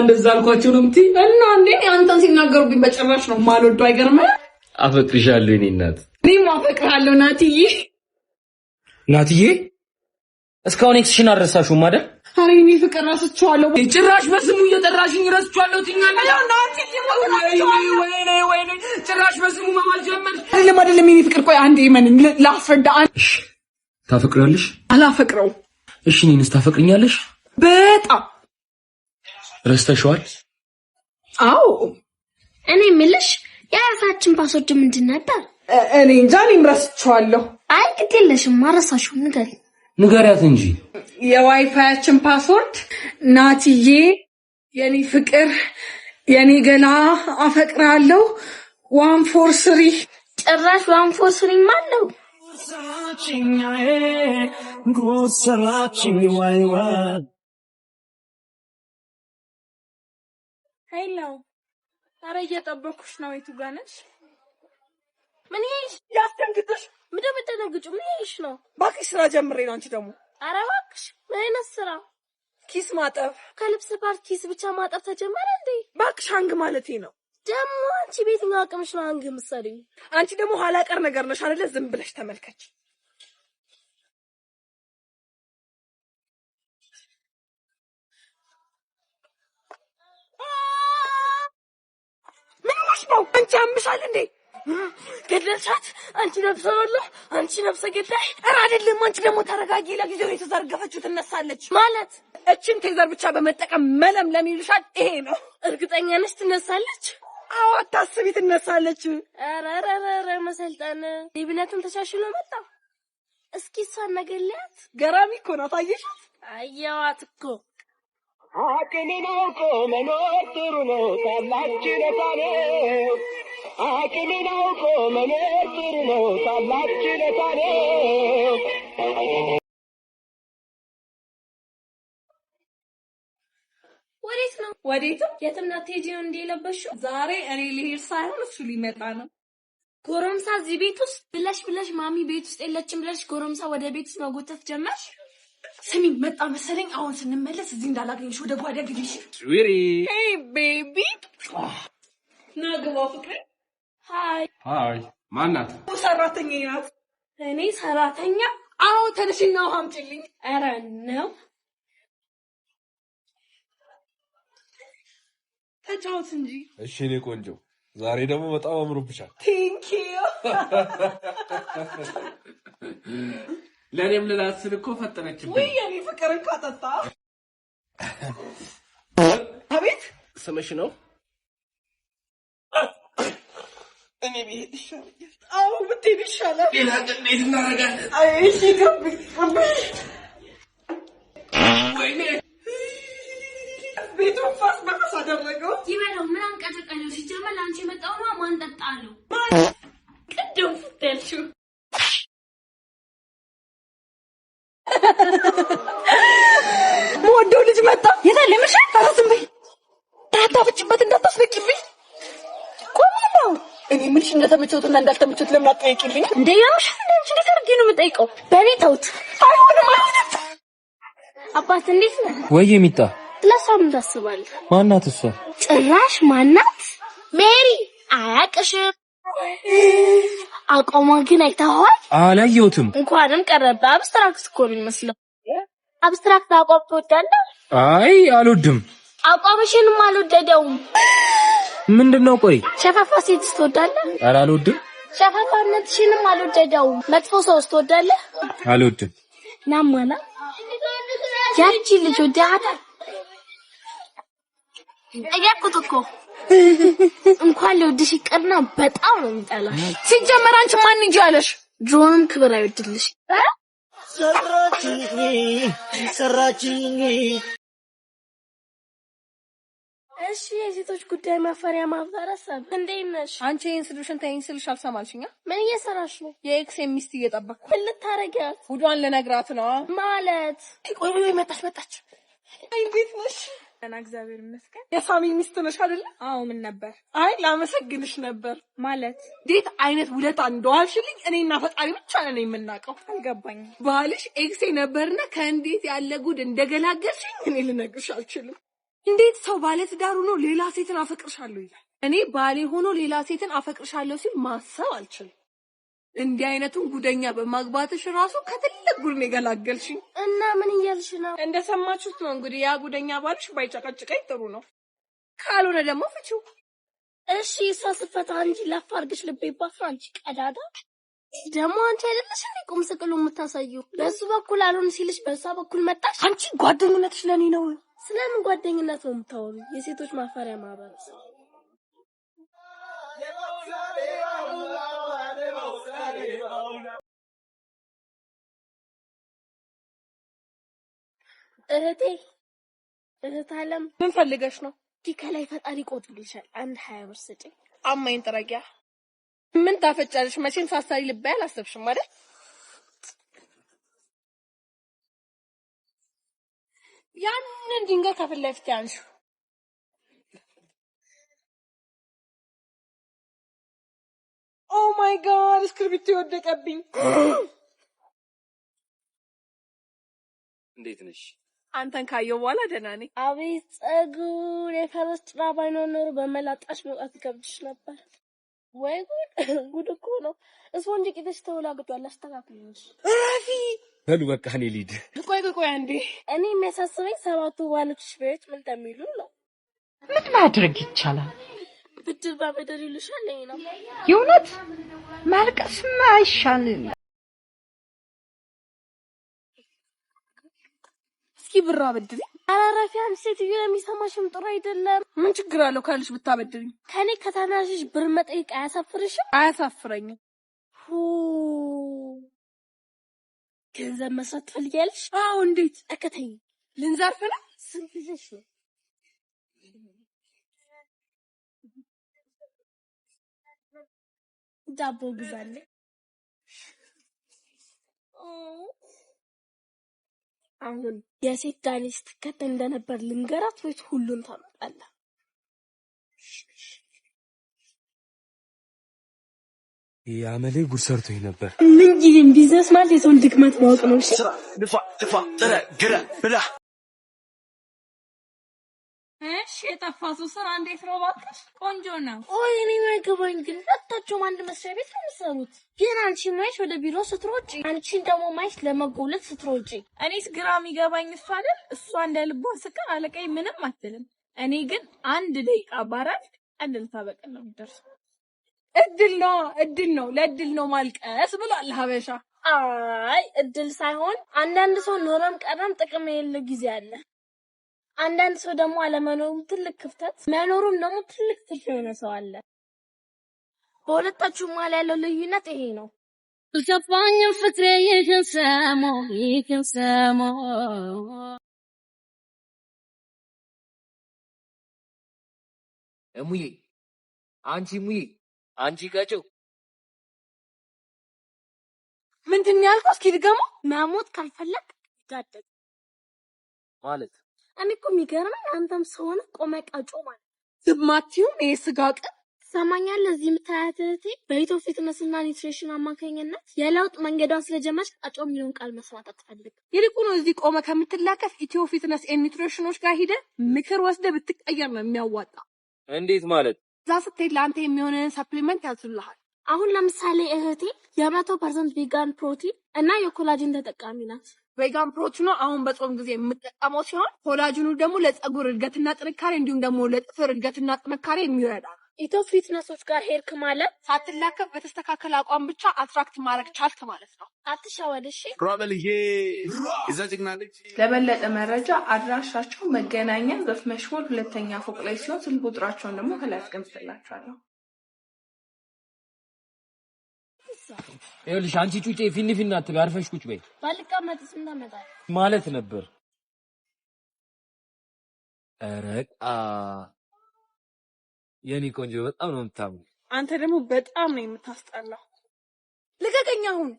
እንደዛ አልኳቸው ነው የምትይ እና እንዴ አንተን ሲናገሩብኝ በጭራሽ ነው ማልወዱ። አይገርምህም? አፈቅርሻለሁ የእኔ እናት። እኔም አፈቅርሃለሁ ናትዬ። ናትዬ እስካሁን ኤክስሽን አልረሳሽውም አይደል? ኧረ እኔ ፍቅር ረስቼዋለሁ። ጭራሽ በስሙ እየጠራሽኝ ረስቼዋለሁ ትኛለሽ። ጭራሽ በስሙ መማል ጀመርሽ። አይደለም አይደለም፣ የእኔ ፍቅር ቆይ አንዴ መን ላስረዳ። ታፈቅሪያለሽ? አላፈቅረውም። እሺ እኔንስ ታፈቅርኛለሽ? በጣም ረስተሽዋል? አዎ። እኔ የምልሽ የያዛችን ፓስወርድ ምንድን ነበር? እኔ እንጃ፣ እኔም ረስቼዋለሁ። አይ ግድ የለሽም፣ ንገሪያት እንጂ የዋይፋያችን ፓስወርድ ናትዬ፣ የኔ ፍቅር፣ የኔ ገላ፣ አፈቅራለሁ፣ ዋን ፎር ስሪ። ጭራሽ ዋን ፎር ስሪ ማለው ጎሰራችኝ ሰራችኝ። ሄሎ፣ አረ እየጠበኩሽ ነው። የቱ ጋር ነሽ? ምን ይሽ ያስደንግጥሽ? ምንድን የምትደነግጪ? ምን ይሽ ነው? እባክሽ ስራ ጀምሬ ነው። አንቺ ደግሞ አረ እባክሽ፣ ምን አይነት ስራ? ኪስ ማጠብ። ከልብስ ፓርት ኪስ ብቻ ማጠብ ተጀመረ እንዴ? እባክሽ አንግ ማለቴ ነው። ደግሞ አንቺ ቤትኛው አቅምሽ ነው አንግ ምሳሌ። አንቺ ደግሞ ኋላ ቀር ነገር ነሽ አይደለ? ዝም ብለሽ ተመልከች። ነው። አንቺ አምሻል እንዴ? ገደልሻት። አንቺ ነፍሰ ወሎ፣ አንቺ ነፍሰ ገዳይ። ኧረ አይደለም። አንቺ ደግሞ ተረጋጊ። ለጊዜው የተዘረገፈችው ትነሳለች ማለት እችን ቴዘር ብቻ በመጠቀም መለም ይሉሻል። ይሄ ነው። እርግጠኛ ነሽ ትነሳለች? አዎ፣ አታስቢ፣ ትነሳለች። ኧረ መሰልጠን ዲብነቱን ተሻሽሎ መጣ። እስኪ እሷን ነገ ገራሚ እኮ ናት። አየሻት? አየዋት እኮ አቅምን አውቆ መኖር ጥሩ ነው ታላቅ ችሎታ ነው። አቅምን አውቆ መኖር ጥሩ ነው ታላቅ ችሎታ ነው። ወዴት ነው? ወዴትም የትም ናት። ነው የለበሽው? ዛሬ እኔ ልሄድ ሳይሆን እሱ ሊመጣ ነው። ጎረምሳ እዚህ ቤት ውስጥ ብለሽ ብለሽ ማሚ ቤት ውስጥ የለችም ብለሽ ጎረምሳ ወደ ቤት ውስጥ መጎተት ጀመርሽ። ስሚ መጣ መሰለኝ። አሁን ስንመለስ እዚህ እንዳላገኝሽ ወደ ጓዳ ግቢሽ። ዊሪ ቤቢ ናግባ ፍቅር። ሀይ ሀይ። ማናት? ሰራተኛ ናት። እኔ ሰራተኛ? አዎ። ተነሽና ውሃ አምጪልኝ። ኧረ ነው ተጫወት እንጂ። እሺ እኔ ቆንጆ፣ ዛሬ ደግሞ በጣም አምሮብሻል። ቴንኪዩ ለእኔም ልላስል እኮ ፈጠነችብኝ። ወይ የኔ ፍቅር እንኳ ጠጣ። አቤት ስምሽ ነው? እኔ ብሄድ ይሻለኛል። አዎ ብትሄድ ይሻላል። ሌላ እንዴት እናደርጋለን? እሺ፣ ቅርብኝ ቅርብኝ። ወይኔ ቤቱን ፋስ በፈስ አደረገው። ይበለው ምን አንቀጠቀለው? ሲጀመር ለአንቺ የመጣው ማን ጠጣ አለው? ቅድም ፍት ወደው ልጅ መጣ። የታ ለምሽ ኧረ ዝም በይ እንዳታፍጭበት፣ እንዳታስለቂብኝ። ቆማለሁ እኔ ምንሽ እንደተመቸውትና እንዳልተመቸውት ለምን አትጠይቂልኝ? እንደ ያምሽ እንደዚህ እንዴት አድርጌ ነው የምጠይቀው? በቤት ተውት። አይሆንም፣ አይሆንም። አባት እንዴት ነው? ወይ የሚጣ ለሷ ምን ታስባለህ? ማናት እሷ? ጭራሽ ማናት ሜሪ አያቅሽም አቋሟ ግን አይተኸዋል? አላየሁትም። እንኳንም ቀረበ። አብስትራክት እኮ ነው የሚመስለው። አብስትራክት አቋም ትወዳለህ? አይ አልወድም። አቋምሽንም አልወደደውም። ምንድን ነው? ቆይ ሸፋፋ ሴት ትወዳለህ? ኧረ አልወድም። ሸፋፋነትሽንም አልወደደውም። መጥፎ ሰው ትወዳለህ? አልወድም። ናማና ያቺ ልጅ ወዳታ እያልኩት እኮ ሊወድሽ ይቀርና በጣም ነው የሚጠላሽ። ሲጀመር አንቺ ማን እንጂ አለሽ። ድሮንም ክብር አይወድልሽ። ሰራችኝ። እሺ የሴቶች ጉዳይ ማፈሪያ ማብዛራት ሰብ እንዴት ነሽ? አንቺ ይሄን ስልሽን ተይኝ ስልሽ አልሰማልሽኛ? ምን እየሰራሽ ነው? የኤክስ ሚስት እየጠበቅኩ። ምን ልታረጊያት? ጉዷን ልነግራት ነው ማለት። ቆይ መጣች መጣች። እንዴት ነሽ? ቀና እግዚአብሔር ይመስገን። የሳሚ ሚስት ነሽ አይደለ? አዎ። ምን ነበር? አይ ላመሰግንሽ ነበር። ማለት እንዴት አይነት ውለታ እንደዋልሽልኝ እኔና ፈጣሪ ብቻ ነን የምናውቀው። አልገባኝም። ባልሽ ኤክሴ ነበርና ከእንዴት ያለ ጉድ እንደገላገልሽኝ እኔ ልነግርሽ አልችልም። እንዴት ሰው ባለትዳር ሆኖ ሌላ ሴትን አፈቅርሻለሁ ይላል? እኔ ባሌ ሆኖ ሌላ ሴትን አፈቅርሻለሁ ሲል ማሰብ አልችልም። እንዲህ አይነቱን ጉደኛ በማግባትሽ ራሱ ከትልቅ ጉድ ነው የገላገልሽኝ። እና ምን እያልሽ ነው? እንደሰማችሁት ነው እንግዲህ ያ ጉደኛ ባልሽ ባይጨቀጭቀኝ ጥሩ ነው፣ ካልሆነ ደግሞ ፍቺው። እሺ እሷ ስትፈታ እንጂ ላፍ አድርግሽ ልቤ ይባፍራ። አንቺ ቀዳዳ ደግሞ አንቺ አይደለሽ እንዴ ቁም ስቅሉ የምታሳዩ? በሱ በኩል አልሆን ሲልሽ በእሷ በኩል መጣሽ። አንቺ ጓደኝነትሽ ለኔ ነው። ስለምን ጓደኝነት ነው የምታወሩ? የሴቶች ማፈሪያ ማህበረሰብ እህቴ እህት አለም ምን ፈልገሽ ነው? ከላይ ፈጣሪ ቆጥልሻል። አንድ ሀያ ብር ስጪ። አማኝ ጥረጊያ ምን ታፈጫለሽ? መቼም ሳሳሪ ልባይ አላሰብሽም አይደል? ያንን ድንጋይ ከፊት ለፊት ያንሹ። ኦ ማይ ጋድ እስክርቢቶ የወደቀብኝ። እንዴት ነሽ? አንተን ካየው በኋላ ደህና ነኝ። አቤት ጸጉር! የፈረስ ጭራ ባይኖር ኖሮ በመላጣሽ መውጣት ይከብድሽ ነበር። ወይ ጉድ! ጉድ እኮ ነው። እስፖንጅ ቂጥሽ ተወላግዷል። አስተካክልሽ። ራፊ በሉ በቃ እኔ ሊድ ቆይ ቆይ አንዴ፣ እኔ የሚያሳስበኝ ሰባቱ ባሎችሽ ቤት ምን እንደሚሉ ነው። ምን ማድረግ ይቻላል? ብድር ባበደር ይሉሻል። ይሄ ነው የእውነት ማልቀስማ አይሻልም? እስኪ ብር አበድሪ። አላራፊያም ሴትዮ የሚሰማሽም ጥሩ አይደለም። ምን ችግር አለው ካልሽ ብታበድሪኝ? ከኔ ከታናሽሽ ብር መጠየቅ አያሳፍርሽም? አያሳፍረኝም። ገንዘብ መስራት ትፈልጊያለሽ? አዎ። እንዴት? እከተኝ ልንዘርፍ ነው? ስንት ይዘሽ ነው? ዳቦ ግዛለ አሁን የሴት ጋኔ ስትከተል እንደነበር ልንገራት ወይስ ሁሉን ታመጣለ? የአመሌ ጉድ ሰርቶኝ ነበር። ምን ምንጊዜም ቢዝነስ ማለት የሰውን ድክመት ማወቅ ነው። ስራ፣ ልፋ፣ ትፋ፣ ጥረ፣ ግረ፣ ብላ እሺ የጠፋሱ ስራ እንዴት ነው? እባክሽ ቆንጆ ነው። ቆይ እኔ ማይገባኝ ግን ሁለታቸውም አንድ መስሪያ ቤት ነው የሚሰሩት። ግን አንቺ ማይሽ ወደ ቢሮ ስትሮጪ፣ አንቺን ደግሞ ማይሽ ለመጎለት ስትሮጪ። እኔስ ግራ የሚገባኝ እሱ አይደል። እሷ እንደ ልቧ ስቃ አለቃይ ምንም አትልም። እኔ ግን አንድ ደቂቃ ባራት እድል ታበቀል ነው የሚደርሰው። እድል ነው እድል ነው ለእድል ነው ማልቀስ ብሏል ሀበሻ። አይ እድል ሳይሆን አንዳንድ ሰው ኖረም ቀረም ጥቅም የሌለው ጊዜ አለ። አንዳንድ ሰው ደግሞ አለመኖሩም ትልቅ ክፍተት፣ መኖሩም ደግሞ ትልቅ ትርፍ የሆነ ሰው አለ። በሁለታችሁ መሀል ያለው ልዩነት ይሄ ነው። አልገባኝም ፍቅሬ ይህን ሰሞ ይህን ሰሞ እሙዬ አንቺ ሙዬ አንቺ ጋጨው ምንድን ያልኩ? እስኪ ድገማ። መሞት ካልፈለግ ጋደግ ማለት እኔ እኮ የሚገርመኝ አንተም ሰሆነ ቆመ ቀጮ ማለት ዝማቲውም ይሄ ስጋ ቀን ሰማኛል። እዚህ የምታያት እህቴ በኢትዮ እና ኒትሬሽን አማካኝነት የለውጥ መንገዷን ስለጀመረች ቀጮ የሚለውን ቃል መስማት አትፈልግም። ይልቁኑ እዚህ ቆመ ከምትላከፍ ኢትዮ ፊትነስ ኤን ኒትሬሽኖች ጋር ሂደ ምክር ወስደ ብትቀየር ነው የሚያዋጣ። እንዴት ማለት? እዛ ስትሄድ ለአንተ የሚሆንህን ሰፕሊመንት ያዙልሃል። አሁን ለምሳሌ እህቴ የመቶ ፐርሰንት ቪጋን ፕሮቲን እና የኮላጅን ተጠቃሚ ናት። ቬጋን ፕሮቲኑ አሁን በጾም ጊዜ የምጠቀመው ሲሆን ኮላጅኑ ደግሞ ለፀጉር እድገትና ጥንካሬ እንዲሁም ደግሞ ለጥፍር እድገትና ጥንካሬ የሚረዳ ነው። ኢትዮ ፊትነሶች ጋር ሄድክ ማለት ሳትላከፍ በተስተካከለ አቋም ብቻ አትራክት ማድረግ ቻልክ ማለት ነው። አትሸወልሽ ሮበልዬ እዛ ጀግና ልጅ። ለበለጠ መረጃ አድራሻቸው መገናኛ በፍ መሽሆል ሁለተኛ ፎቅ ላይ ሲሆን ስልክ ቁጥራቸውን ደግሞ ከላይ አስቀምጥላቸዋለሁ። ይኸውልሽ አንቺ ጩጬ ፊን ፊን አትበይ፣ አርፈሽ ቁጭ በይ። ባልቀመጥስ እንዳመጣል ማለት ነበር። ረቃ የኔ ቆንጆ በጣም ነው የምታምሩ። አንተ ደግሞ በጣም ነው የምታስጠላው። ልቀቀኝ አሁን።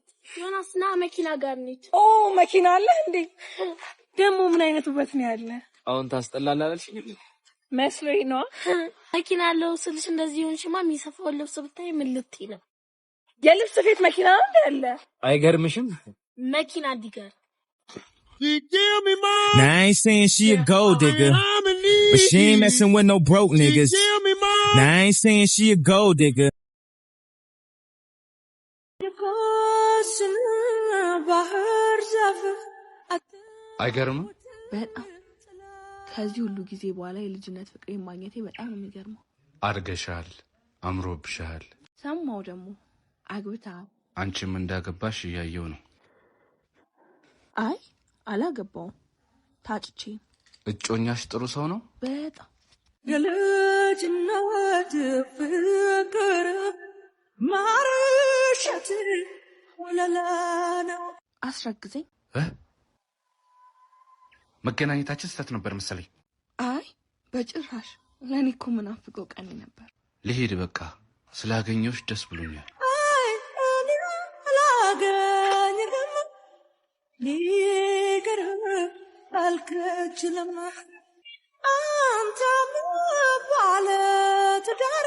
ና፣ መኪና ጋር ነች። ኦ መኪና አለ እንዴ? ደግሞ ምን አይነት ውበት ነው ያለ? አሁን ታስጠላለህ አላልሽኝ መስሎኝ ነዋ። መኪና አለው ስልሽ እንደዚህ ይሁን። ሽማ የሚሰፋውን ልብስ ብታይ ምን ልትይ ነው? የልብስ ስፌት መኪና ነው እንዳለ አይገርምሽም? መኪና እንዲገር Now, I ain't saying she a gold digger, but she ain't messing with no broke niggas. Now, I ain't saying she a gold digger. አይገርምም? በጣም ከዚህ ሁሉ ጊዜ በኋላ የልጅነት ፍቅሬን ማግኘቴ በጣም የሚገርመው። አድገሻል፣ አምሮብሻል። ሰማው ደግሞ አግብታ አንቺም እንዳገባሽ እያየው ነው። አይ አላገባውም። ታጭቼ እጮኛሽ ጥሩ ሰው ነው በጣም የልጅነት ፍቅር ማርሸት ወለላ ነው። አስረግዘኝ። መገናኘታችን ስህተት ነበር መሰለኝ። አይ በጭራሽ፣ ለእኔ እኮ ምናፍቀው ቀኔ ነበር። ልሄድ በቃ። ስላገኘሁሽ ደስ ብሎኛል። ይቅርብ አልከችልም አንተም ባለ ትዳር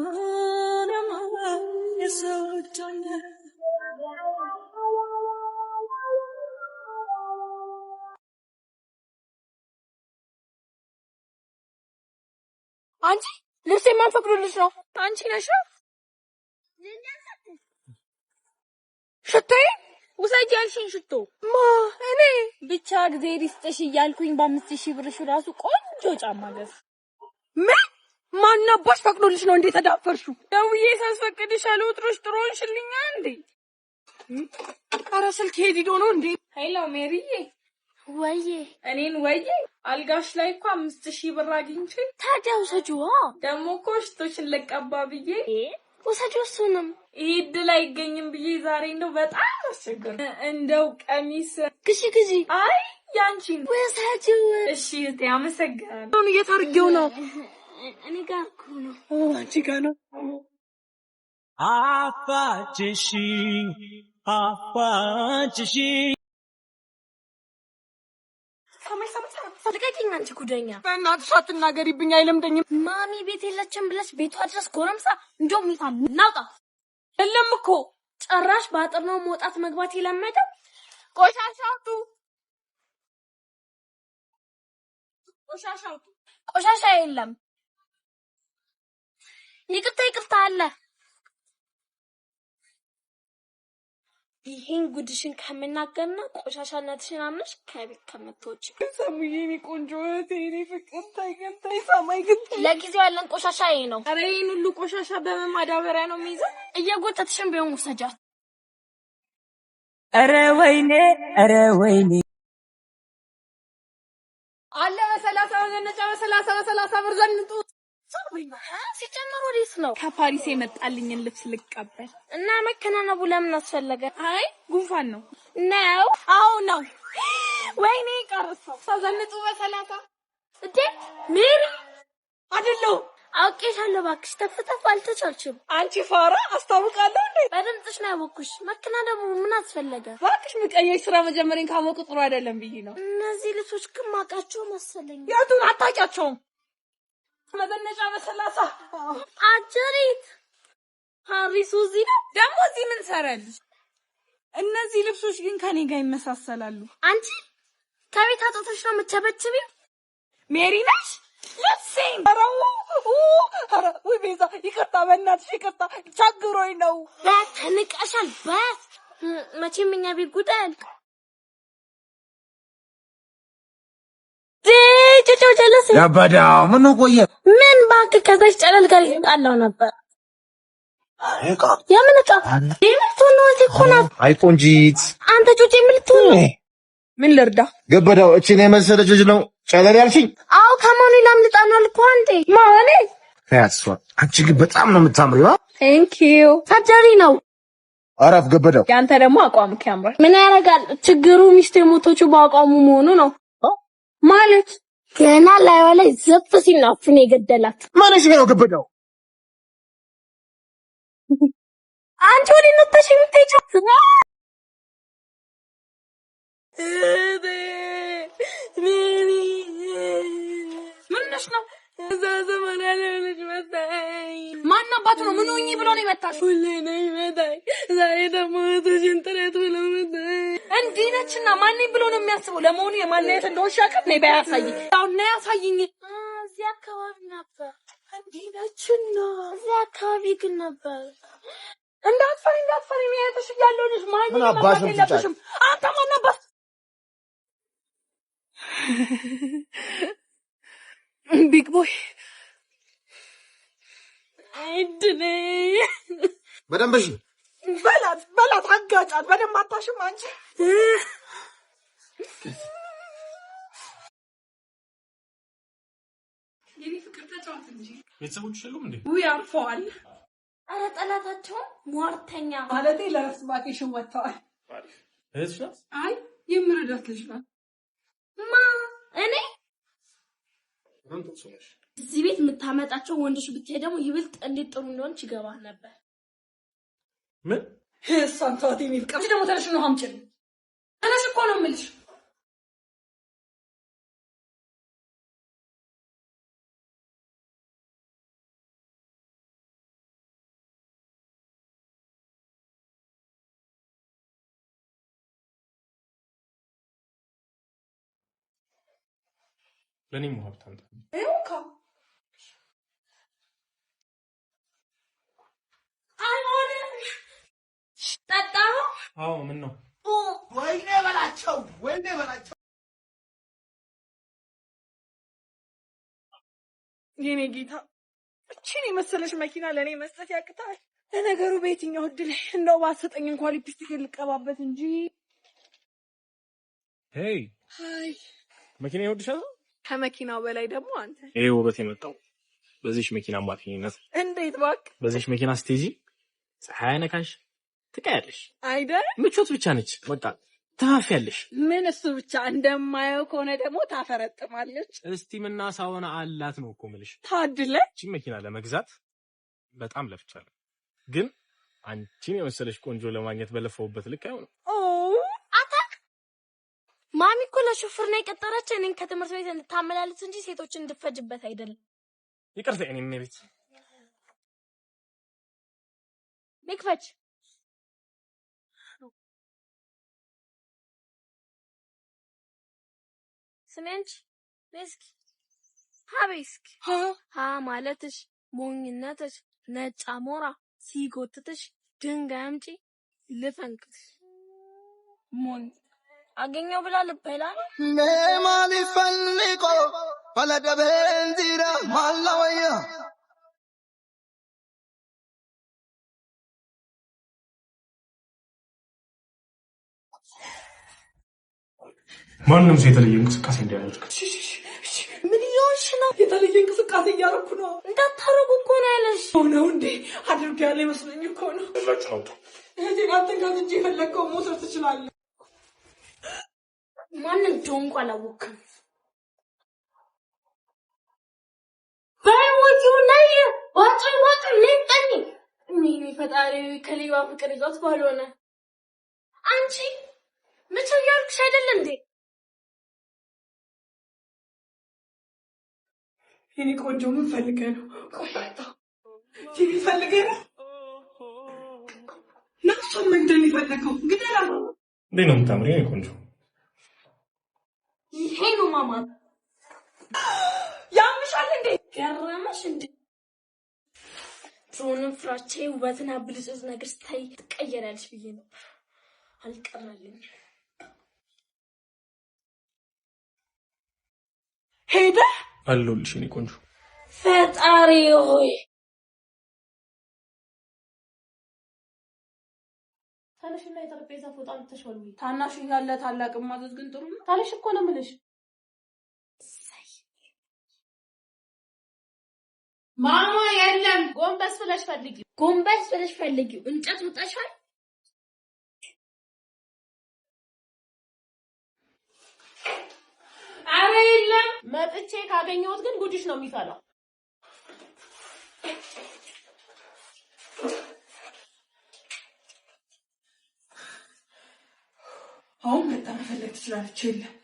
እኔም የሰው እጆኛ አንቺ ልብስ የማንፈቅዶልሽ ነው። አንቺ ነሽ ሽታይ ውሰጅ ያልሽኝ ሽቶ ማ እኔ ብቻ እግዜር ይስጥሽ እያልኩኝ በአምስት ሺህ ብርሽ ራሱ ቆንጆ ጫማ ገዝ ምን ማናባሽ ፈቅዶልሽ ነው እንዴ ተዳፈርሽው? ደውዬ ሳስፈቅድሽ አልወጥሮሽ ጥሮንሽልኛ እንዴ? ኧረ ስልክ ሄዲዶ ነው እንዴ? ሄሎ ሜሪዬ፣ ወዬ እኔን ወዬ አልጋሽ ላይ እኮ አምስት ሺህ ብር አግኝቼ ታዲያ ውሰጂዋ። ደግሞ እኮ ሽቶችን ልቀባ ብዬ ውሰጂ እሱንም ይህ ላይ አይገኝም ብዬ ዛሬ እንደው በጣም አስቸገር እንደው ቀሚስ ክሺ ክሺ አይ ያንቺ ወሳጅው እሺ እቴ አመሰግናለሁ። አሁን እየታርጌው ነው እኔ ጋር እኮ ነው አንቺ ጋር ነው አፋጭሽ አፋጭሽ ልቀቂኝ አንቺ ጉደኛ! በእናትሽ አትናገሪብኝ፣ አይለምደኝም። ማሚ ቤት የለችም ብለሽ ቤቷ ድረስ ጎረምሳ እንደውም ይታ እናውጣ የለም እኮ ጭራሽ በአጥር ነው መውጣት መግባት የለመደው ቆሻሻ ቆሻሻ ቆሻሻ የለም። ይቅርታ ይቅርታ አለ። ይሄን ጉድሽን ከምናገርና ቆሻሻነትሽን አምነሽ ከቤት ከምትወጪ ሰሙዬ፣ የኔ ቆንጆ እህቴ፣ የኔ ፍቅር ታይገን ታይሳማይ። ግን ለጊዜው ያለን ቆሻሻ ይሄ ነው። ኧረ ይህን ሁሉ ቆሻሻ በምን ማዳበሪያ ነው የሚይዘው? እየጎጠትሽን ቢሆን ውሰጃት። ኧረ ወይኔ፣ ኧረ ወይኔ አለ በሰላሳ በዘነጫ በሰላሳ በሰላሳ ብር ዘንጡ ሲጨመር ወዴት ነው? ከፓሪስ የመጣልኝን ልብስ ልቀበል እና መከናነቡ ለምን አስፈለገ? አይ ጉንፋን ነው ነው። አዎ ነው። ወይኔ ቀርሰው ሰዘንጡ በሰላሳ እዴ ሜሪ አደለው አውቄሻለሁ። እባክሽ ተፍተፍ አልተቻልችም። አንቺ ፋራ አስታውቃለሁ እንዴ? በድምፅሽ ነው ያወኩሽ። መከናነቡ ምን አስፈለገ? እባክሽ ምቀየሽ ስራ መጀመሪያን ካወቁ ጥሩ አይደለም ብዬ ነው። እነዚህ ልብሶች ግን ማውቃቸው መሰለኝ። የቱን አታውቂያቸውም? መዘነጫ በሰላሳ አጭሪት ሀሪሱ እዚህ ነው። ደግሞ እዚህ ምን ሰራልሽ? እነዚህ ልብሶች ግን ከኔ ጋር ይመሳሰላሉ። አንቺ ከቤት አጥቶሽ ነው የምትቸበችቢው? ሜሪ ነሽ? ልብሴን ወይ ቤዛ፣ ይቅርታ፣ በእናትሽ ይቅርታ፣ ቸግሮኝ ነው። በትንቀሻል በት መቼም እኛ ቤት ጉዳይ ጭጮ ጀለስ ምን ቆየ ምን ከዛች ጨለል ጋር አለው ነበር። የምን ዕቃ የምልቱን ነው እዚህ አንተ ምን ልርዳ ገበዳው? የመሰለች ልጅ ነው ጨለል ያልሽኝ? አዎ ከማኑ አንዴ። ማኔ አንቺ ግን በጣም ነው ነው ገበዳው። ያንተ ደግሞ አቋም ያምራል። ምን ያደርጋል ችግሩ ሚስቴ ሞቶቹ በአቋሙ መሆኑ ነው። ማለት ገና ላይዋ ላይ ዘፍ ሲናፍን የገደላት ማነሽ ነው ገበዳው አንቺ ወደ ነጥሽ የምትጨው ምንሽ ነው? እዛ ዘመን ያለ ልጅ መታኝ። ማን አባቱ ነው? ምን ሆኜ ብሎ ነው የመታሽ? ሁሌ ነው ይመታኝ። ዛሬ ደግሞ ትሽን ጥረት ብሎ መታኝ። እንዲህ ነችና ማን ብሎ ነው የሚያስበው? ለመሆኑ የማን አይነት እንደሆነ ሻቀብ ነው ባያሳይ አሁን ነው ያሳይኝ። እዚህ አካባቢ ነበር። እንዲህ ነችና እዚህ አካባቢ ግን ነበር። እንዳትፈሪ እንዳትፈሪ ነው ያተሽ ያለው ልጅ ማን ነው ባሽም አንተ ማን ነበር? ቢግ ቦይ አይድኔ በደንብ እሺ በላት በላት፣ አጋጫት በደንብ አታሽም አንቺ። ቤተሰቦችሽ የሉም እንዴ? ውይ አርፈዋል። አረ ጠላታቸውን ሟርተኛ ማለቴ ለነፍስ ማቄሽን ወጥተዋል። አይ የምረዳት ልጅ ናት። ማ እኔ እዚህ ቤት የምታመጣቸው ወንዶች ብታይ ደግሞ ይብልጥ እንዴት ጥሩ እንደሆነች ይገባህ ነበር። ምን እሷን ተዋት የሚል ቀምሽ ደግሞ ተነሽ ነው አምጪን። ተነሽ እኮ ነው የምልሽ። ለእኔም ውሀ ብታምጣ አዎ ምን ነው? ወይኔ በላቸው፣ ወይኔ በላቸው። የኔ ጌታ እቺን የመሰለች መኪና ለእኔ መስጠት ያቅታል። ለነገሩ በየትኛው እድል እንደው ባሰጠኝ እንኳን ሊፕስቲክ ልቀባበት እንጂ። ሄይ ሀይ፣ መኪና ይወድሻል። ከመኪናው በላይ ደግሞ አንተ። ይሄ ውበት የመጣው መኪና እንዴት መኪና ፀሐይ አይነካሽ ትቀያለሽ አይደል? ምቾት ብቻ ነች። በቃ ታፋፊያለሽ። ምን እሱ ብቻ እንደማየው ከሆነ ደግሞ ታፈረጥማለች። እስቲ ምና ሳሆነ አላት ነው እኮ ታድለ ቺ መኪና ለመግዛት በጣም ለፍቻለሁ፣ ግን አንቺን የመሰለሽ ቆንጆ ለማግኘት በለፈውበት ልክ አይሆንም። አታክ ማሚ እኮ ለሹፍር ነው የቀጠረች እኔን ከትምህርት ቤት እንድታመላልስ እንጂ ሴቶችን እንድፈጅበት አይደለም። ይቅርታ እኔም ቤት ሚክፈች ስሜንች ምስክ ሀቤስክ ሀ ማለትሽ ሞኝነትሽ ነጭ አሞራ ሲጎትትሽ ድንጋይ አምጪ ልፈንክትሽ ሞኝ አገኘው ብላ ልበላ ለማን ይፈልቆ ፈለደ ቤንዚራ ማላወያ ማንም ሰው የተለየ እንቅስቃሴ እንዳያደርግ። ምን እያወሽ ነው? የተለየ እንቅስቃሴ እያደረኩ ነው። እንዳታረጉ እኮ ነው ያለሽ። ሆነው እንዴ አድርግ ያለ ይመስለኝ እኮ ነው ያላችሁ ነው። እህቴን አትንካት እንጂ የፈለግከው መውሰድ ትችላለህ። ማንም ደንቆ አላወቅም። በሞቹ ፈጣሪ ከሌባ ፍቅር ይዟት ባልሆነ አንቺ መቼ እያልኩሽ አይደለ እንዴ የኔ ቆንጆ ምን ፈልገህ ነው? ቲቪ ፈልገህ ነው? ነፍሱ ምንድን ነው ግደላ እንዴ ነው የምታምሪ የኔ ቆንጆ። ይሄ ነው ማማ ያምሻል እንዴ? ገረመሽ እንዴ? ድሮንም ፍራቼ ውበትና ብልጭት ነገር ስታይ ትቀየራለች ብዬ ነው አልቀራልኝ ሄደ አለሁልሽ የእኔ ቆንጆ። ፈጣሪ ሆይ ታናሽና የጠረጴዛ ፎጣ ልተሸሉ ታናሽ እያለ ታላቅ ማዘዝ ግን ጥሩ ነው። ታናሽ እኮ ነው የምልሽ። ማማ የለም፣ ጎንበስ ብለሽ ፈልጊው፣ ጎንበስ ብለሽ ፈልጊው። እንጨት ውጠሻል አረ የለም መጥቼ ካገኘሁት ግን ጉድሽ ነው የሚፈላው። አሁን መጣ መፈለግ ትችላለች። የለም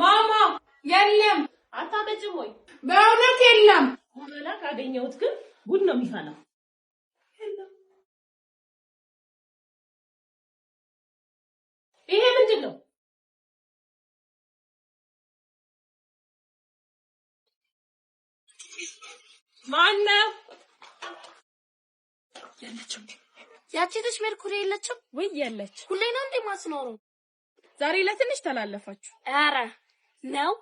ማማ የለም አታመጭም ወይ? በእውነት የለም። ሆነላ ካገኘሁት ግን ጉድ ነው የሚፈላው። ማነው? የለችም። ያቺ ልጅ ሜርኩሪ የለችም ወይ? የለች። ሁሌ ነው እንዴ ማስኖረው? ዛሬ ለትንሽ ተላለፋችሁ። ኧረ ነው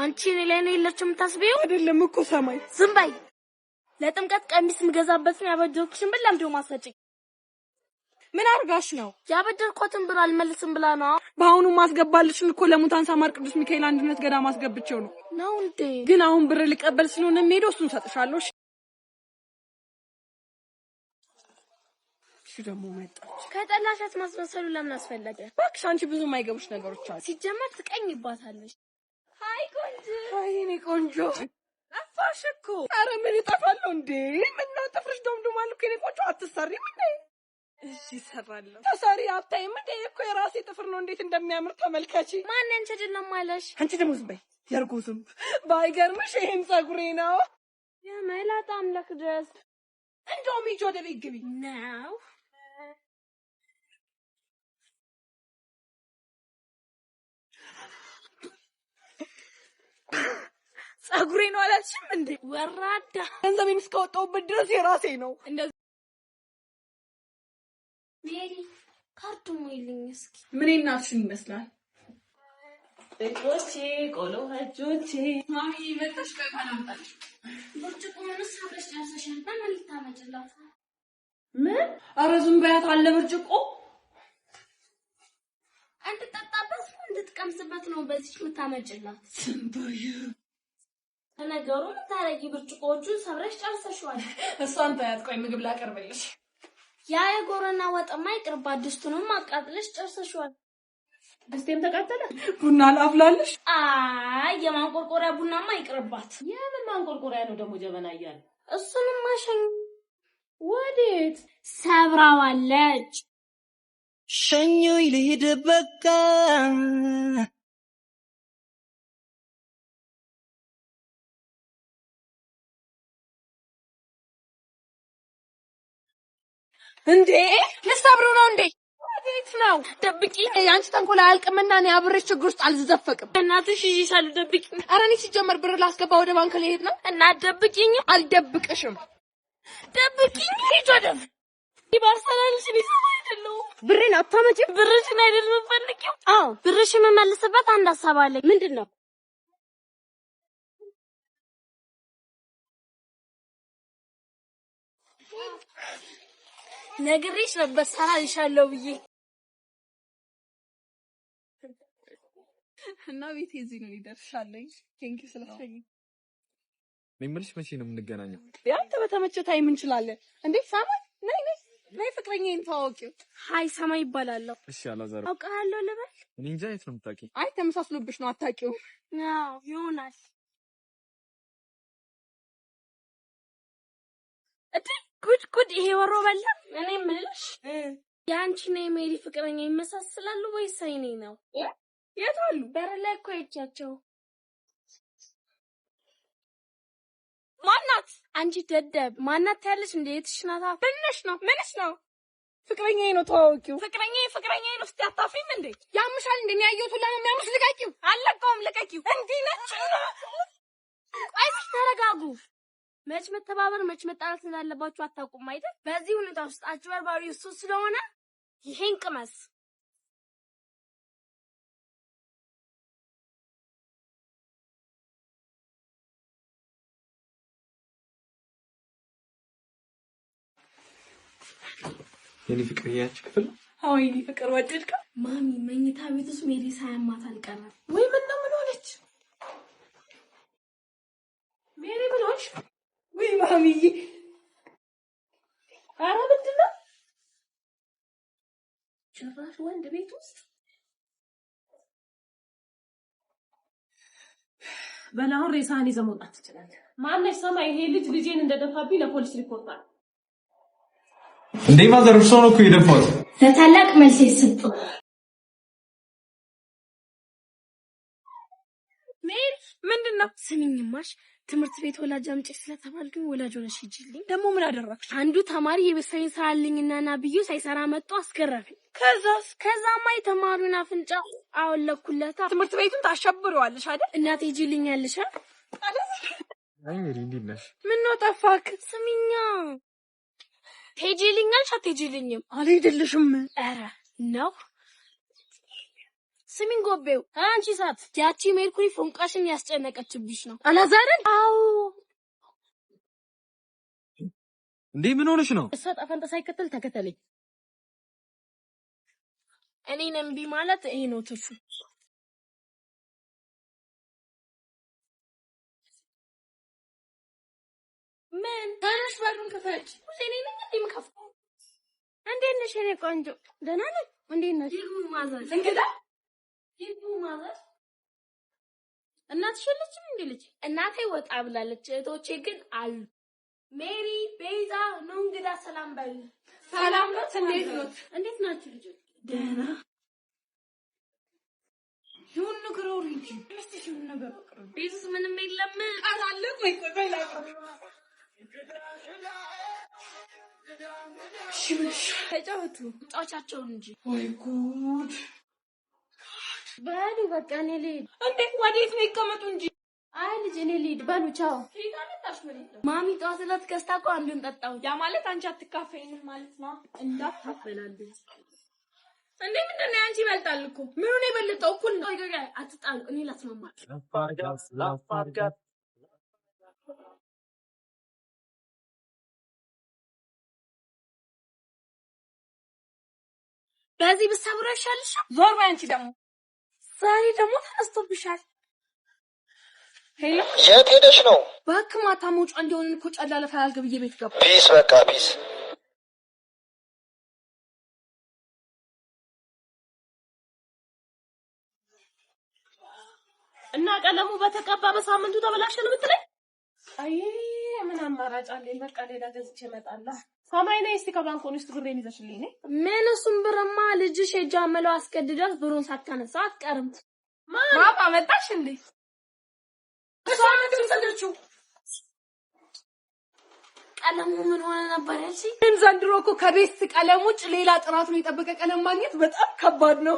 አንቺ እኔ ላይ ነው የለችም የምታስቢው አይደለም እኮ ሰማይ ዝም በይ። ለጥምቀት ቀሚስ የምገዛበትን ያበደርኩሽን ብር ለምዶ ማሰጪኝ። ምን አድርጋሽ ነው? ያበደርኳትን ብር አልመልስም ብላ ነው። በአሁኑ ማስገባልሽን እኮ ለሙታን ሳማር ቅዱስ ሚካኤል አንድነት ገዳም አስገብቼው ነው። ነው እንዴ? ግን አሁን ብር ልቀበል ስለሆነ የምሄደው እሱን ሰጥሻለሁ። እሺ ደግሞ መጣች። ከጠላሻት ማስመሰሉ ለምን አስፈለገ? እባክሽ አንቺ ብዙ የማይገቡሽ ነገሮች አሉ። ሲጀመር ትቀኝባታለሽ። ወይኔ ቆንጆ ጠፋሽ እኮ። ኧረ ምን እጠፋለሁ እንዴ? ምነው ጥፍርሽ ዶምዶማል እኮ የኔ ቆንጆ። አትሰሪም እንዴ? እሺ እሰራለሁ። ተሰሪ አታይም እንዴ? እኮ የራሴ ጥፍር ነው እንዴት እንደሚያምር ተመልከቺ። ማን አንቺ አይደለም አለሽ? አንቺ ደግሞ ዝም በይ። የእርጎ ዝንብ ባይገርምሽ፣ ይሄን ፀጉሬ ነው የመላጣ አምላክ ድረስ። እንደውም ሂጅ ወደ ቤት ግቢ ነው ጸጉሬ ነው አላልሽም እንዴ? ወራዳ ገንዘቤን እስካወጣሁበት ድረስ የራሴ ነው። ሜሪ ካርቱ ሞይልኝ እስኪ። ምን እናትሽን ይመስላል? ጥቆቼ ቆሎ ሀጆቼ ማሚ መጣሽ። ከካላምጣሽ ብርጭቆ ምንስ ሀበሽ ጨርሰሻል? በምን ልታመጭላት ምን? አረዙን በያት አለ ብርጭቆ እንድጠጣ እንድትቀምስበት ነው በዚህ የምታመጭላት። ከነገሩ የምታረጊ ብርጭቆዎቹን ሰብረሽ ጨርሰሽዋል። እሷን ታያጥቆይ ቆይ ምግብ ላቀርብልሽ። ያ የጎረና ወጥማ ይቅርባት፣ ድስቱንም አቃጥለሽ ጨርሰሽዋል። ድስቴም ተቃጠለ። ቡና ላፍላልሽ። አይ የማንቆርቆሪያ ቡናማ ይቅርባት። የምን ማንቆርቆሪያ ነው ደግሞ ጀበና እያለ እሱንም ማሸኝ። ወዴት ሰብራዋለች? ሸኞኝ ልሂድ በቃ እንዴ ልሳብሩ ነው እንዴ? ወዴት ነው? ደብቂኝ። አንቺ ተንኮል አያልቅምና እኔ አብሬሽ ችግር ውስጥ አልዘፈቅም። እናትሽ ይይሻሉ። ኧረ እኔ ሲጀመር ብር ላስገባ ወደ ባንክ ልሄድ ነው እና ደብቂኝ። አልደብቅሽም። ደብቂኝ። ሂጅ ወደ ብሬን አታመጪም? ብርሽን አይደል የምፈልጊው? አዎ ብርሽ የምመልስበት አንድ ሀሳብ አለኝ። ምንድን ነው? ነግሬሽ ነበር ሰራልሻለሁ ብዬ እና ቤቴ እዚህ ነው ይደርሻለኝ። ቴንክ ዩ ስለሸኝ እኔ የምልሽ መቼ ነው የምንገናኘው? ያንተ በተመቸ ታይም እንችላለን እንዴ? ሳማ ነይ ነይ ናይ ፍቅረኛዬን ታዋቂው ሀይ ሰማይ ይባላለሁ። እሺ አላዛር አውቃለሁ ልበል? እኔ እንጃ የት ነው የምታውቂው? አይ ተመሳስሎብሽ ነው አታውቂውም። አዎ ይሆናል። እድ ጉድ ጉድ፣ ይሄ ወሮ በላ። እኔ የምልሽ የአንቺ እና የሜሪ ፍቅረኛ ይመሳስላሉ ወይስ አይኔ ነው? የት አሉ? በር ላይ እኮ አይቻቸው። ማናት? አንቺ ደደብ ማናት ታያለሽ እንዴ? የትሽናታ ምንሽ ነው? ምንሽ ነው? ፍቅረኛዬ ነው ተዋወቂው። ፍቅረኛዬ ፍቅረኛዬ ነው ስቲ አታፍሪም እንዴ? ያምሻል እንዴ? ያየሁት ሁላ ነው የሚያምሽ። ልቀቂው። አለቀውም። ልቀቂው። እንዲህ ነች። አይሽ ተረጋጉ። መች መተባበር መች መጣላት እንዳለባችሁ አታውቁም አይደል? በዚህ ሁኔታ ውስጥ አጭበርባሪ እሱ ስለሆነ ይሄን ቅመስ። የኔ ፍቅር ያች ክፍል ነው። አይ ፍቅር ወደድከ? ማሚ መኝታ ቤት ውስጥ ሜሪ ሳያማት አልቀረም ወይ? ምን ነው ምን ሆነች ሜሪ? ምን ሆንሽ? ወይ ማሚዬ፣ ኧረ ምንድን ነው ጭራሽ ወንድ ቤት ውስጥ በላሁን ሬሳን ይዘህ መውጣት ትችላለህ። ማነሽ ሰማይ፣ ይሄ ልጅ ልጄን እንደደፋብኝ ለፖሊስ ሪፖርት አለ እንዴ ማዘር እርሶ ነው እኮ የደፋሁት። በታላቅ መልስ ሰጡ። ምንድን ነው ስሚኝማሽ፣ ትምህርት ቤት ወላጅ አምጪ ስለተባልኩኝ ወላጅ ሆነሽ ሂጂልኝ። ደግሞ ምን አደረግሽ? አንዱ ተማሪ የበሳይን ስራልኝና ና ብዬ ሳይሰራ መጥቶ አስገረፈኝ። ከዛስ? ከዛማ የተማሪውን አፍንጫ አወለኩለታ። ትምህርት ቤቱን ታሸብረዋለሽ አይደል? እናቴ ምን ነው ጠፋክ? ስሚኛ ትሄጂልኛለሽ አትሄጂልኝም? አልሄድልሽም። ኧረ ነው ስሚን ጎቤው፣ አንቺ ሰዓት ያቺ ሜርኩሪ ፎንቃሽን ያስጨነቀችብሽ ነው። አላዛርን አዎ፣ እንዴ ምን ሆነሽ ነው? እሷ ጣፈንታ ሳይከተል ተከተለኝ። እኔን እምቢ ማለት ይሄ ነው ትርፉ። ምን ታነሽ? በሩን ከፈች። ሁሴኔ እኔ ነኝ እንዴ የምከፍተው? እንዴት ነሽ የኔ ቆንጆ? ደህና ነሽ? እንዴት ነሽ? ይሩ ማዘር እንግዳ ይሩ ማዘር እናትሽ የለችም እንዴ? ልጅ እናቴ ወጣ ብላለች። እህቶቼ ግን አሉ። ሜሪ፣ ቤዛ ነው እንግዳ ሰላም በል። ሰላም ነው። እንዴት ነው? እንዴት ናችሁ ልጅ? ደህና ይሁን ንግሮሪ። እስቲ ሽውን ነገር ቤዙስ ምንም የለም አላለ። ቆይ ቆይ ቆይ ተጫወቱ ጫወቻቸውን እንጂ። ወይ ጉድ! በሉ በቃ እኔ ልሂድ። እንዴት? ወዴት ነው? ይቀመጡ እንጂ። አይ ልጅ እኔ ልሂድ። በሉ ቻው። ማሚ ጠዋት ዕለት ገዝታ እኮ አንዱን ጠጣው። ያ ማለት አንቺ አትካፈይንም ማለት ነው። እንዳታፈላልኝ እንዴ! ምንድን ነው? አንቺ ይበልጣል እኮ። ምኑን የበለጠው? እኩል ነው። አትጣሉ። እኔ ላስማማት በዚህ ብሰብሮ ይሻልሻል። ዞር በይ አንቺ። ደግሞ ዛሬ ደግሞ ተነስቶብሻል። የት ሄደሽ ነው? እባክህ ማታ መውጫ እንዲሆን እኮ ጨላለ ፈላልገ ብዬ ቤት ገባ። ፒስ፣ በቃ ፒስ። እና ቀለሙ በተቀባ በሳምንቱ ተበላሸን የምትለኝ? አይ ምን አማራጭ አለኝ? በቃ ሌላ ገዝቼ እመጣለሁ። ሰማይ ላይ እስቲ ከባንክ ሆነሽ ብሬን ይዘሽልኝ። ምን እሱም ብርማ ልጅሽ የጃመለው አስገድዳት ብሩን ሳታነሳ አትቀርም። ማፋ መጣሽ እንዴ? እሷ ምን ትምሰልችው? ቀለሙ ምን ሆነ ነበር ያልሽኝ? ዘንድሮ እኮ ከቤት ቀለም ውጭ ሌላ ጥራቱን የጠበቀ ቀለም ማግኘት በጣም ከባድ ነው።